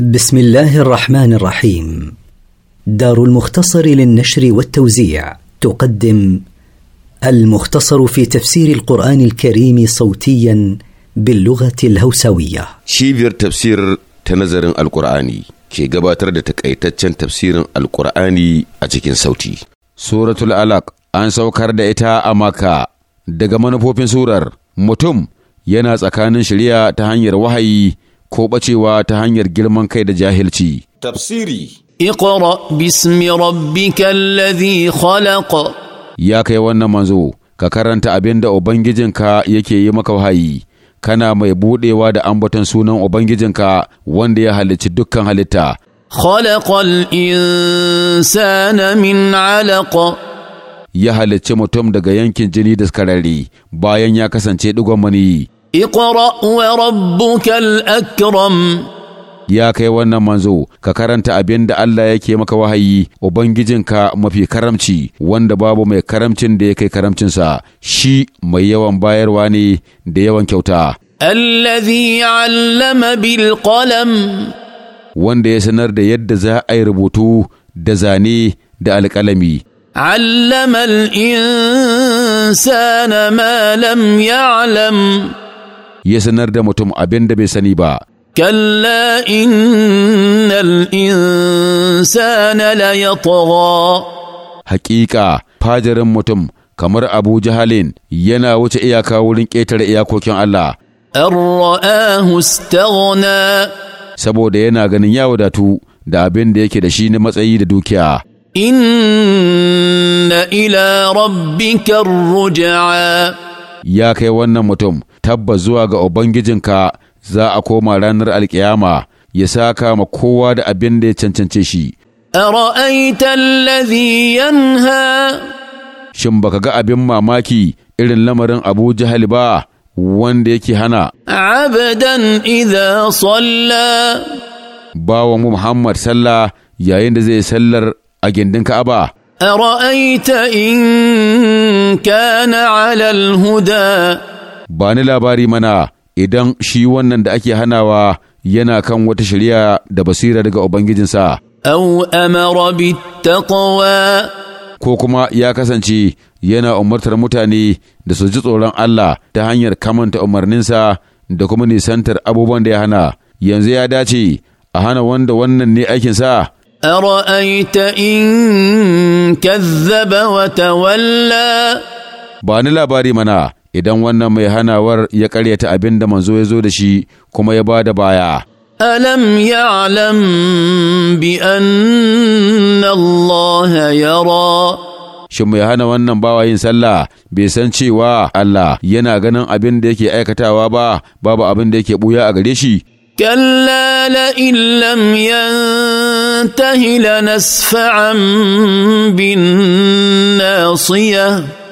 بسم الله الرحمن الرحيم دار المختصر للنشر والتوزيع تقدم المختصر في تفسير القرآن الكريم صوتيا باللغة الهوسوية شيفير تفسير تنظر القرآني كي قباتر تكأيتتشن تفسير القرآني أجيكين صوتي سورة الألق أن سوكر دائتا أماكا دقمان فوفين سورر متم يناس أكان شليا تهانير وحي ko ɓacewa ta hanyar girman kai da jahilci. Tafsiri Iqra bismi rabbika alladhi khalaqa Ya kai wannan manzo, ka karanta abin da Ubangijinka yake yi maka wahayi, kana mai buɗewa da ambaton sunan Ubangijinka wanda ya halicci dukkan halitta. Khalaqal insana min alaqa Ya halicci mutum daga yankin jini da skarari bayan ya kasance digon mani. اقرأ وربك الأكرم ya kai wannan manzo ka karanta abin da Allah yake maka wahayi ubangijinka mafi karamci wanda babu mai karamcin da ya kai karamcinsa shi mai yawan bayarwa ne da yawan kyauta allazi allama bil qalam wanda ya sanar da yadda za a yi rubutu da zane da alƙalami allama al insana ma lam ya'lam ya sanar da mutum abin da bai sani ba. Kalla innal insana la yatgha Haƙiƙa fajarin mutum kamar Abu halin yana wuce iyaka wurin ƙetare iyakokin Allah. Ar-ra'ahu istaghna saboda yana ganin ya wadatu da abin da yake da shi na matsayi da dukiya. Inna ila rabbika ar Ya kai wannan mutum tabbas zuwa ga Ubangijinka za a koma ranar alkiyama ya saka ma kowa da abin da ya cancance shi. Ara'aita allazi yanha Shin baka ga abin mamaki irin lamarin Abu Jahal ba wanda yake hana. Abadan idha salla Bawa mu Muhammad sallah yayin da zai sallar a gindin Ka'aba. أرأيت in كان على huda. ba ni labari mana idan shi wannan da ake hanawa yana kan wata shari'a da basira daga Ubangijinsa. Au amara bittaqwa ko kuma ya kasance yana umartar mutane da su ji tsoron Allah ta hanyar kamanta umarninsa da kuma nisantar abubuwan da ya hana yanzu ya dace a hana wanda wannan ne aikinsa kazzaba wata walla. Ba ni labari mana. idan wannan mai hanawar ya karyata abin da manzo ya zo da shi kuma ya ba da baya. Alam ya'lam bi anna Allah yara. Shin mai hana wannan bawa yin sallah bai san cewa Allah yana ganin abin da yake aikatawa ba babu abin da yake buya a gare shi. كلا لئن لم ينته bin بالناصيه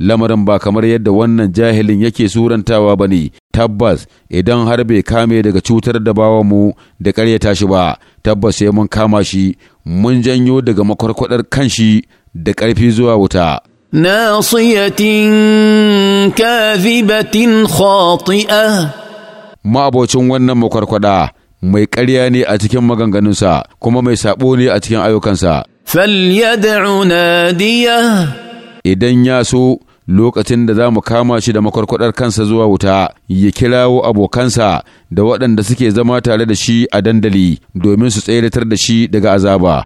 lamarin ba kamar yadda wannan jahilin yake surantawa ba ne, tabbas idan har bai kame daga cutar da bawanmu da ƙaryata shi ba, tabbas sai mun kama shi, mun janyo daga makwarkwadar shi da ƙarfi zuwa wuta. Nasiyatin kazibatin khati'a Ma'abocin wannan makwarkwada mai ƙarya ne a cikin maganganunsa kuma mai saɓo ne a cikin ayyukansa. فليدع ناديه idan ya so lokacin da za mu kama shi da makwarkwadar kansa zuwa wuta ya kirawo abokansa da waɗanda suke zama tare da shi a dandali domin su tseratar da shi daga azaba.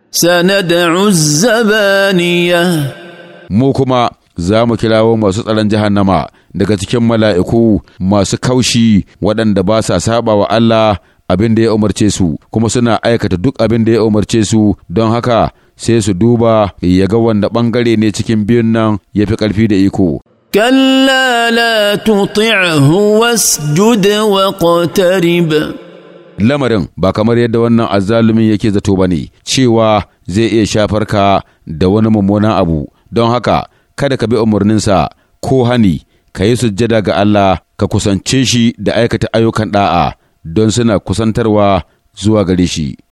Mu kuma za mu kirawo masu tsaron jahannama daga cikin mala'iku masu kaushi waɗanda ba sa saba wa Allah abin da ya umarce su kuma suna aikata duk abin da ya umarce su don haka sai su duba ya ga wanda ɓangare ne cikin biyun nan ya fi ƙarfi da iko. Kalla la wasjud wa qatarib Lamarin ba kamar yadda wannan azzalumin yake zato ba ne, cewa zai iya shafar ka da wani mummunan abu, don haka kada ka bi umarninsa ko hani, ka yi sujjada ga Allah ka kusance shi da aikata ayyukan ɗa'a don suna kusantarwa zuwa gare shi.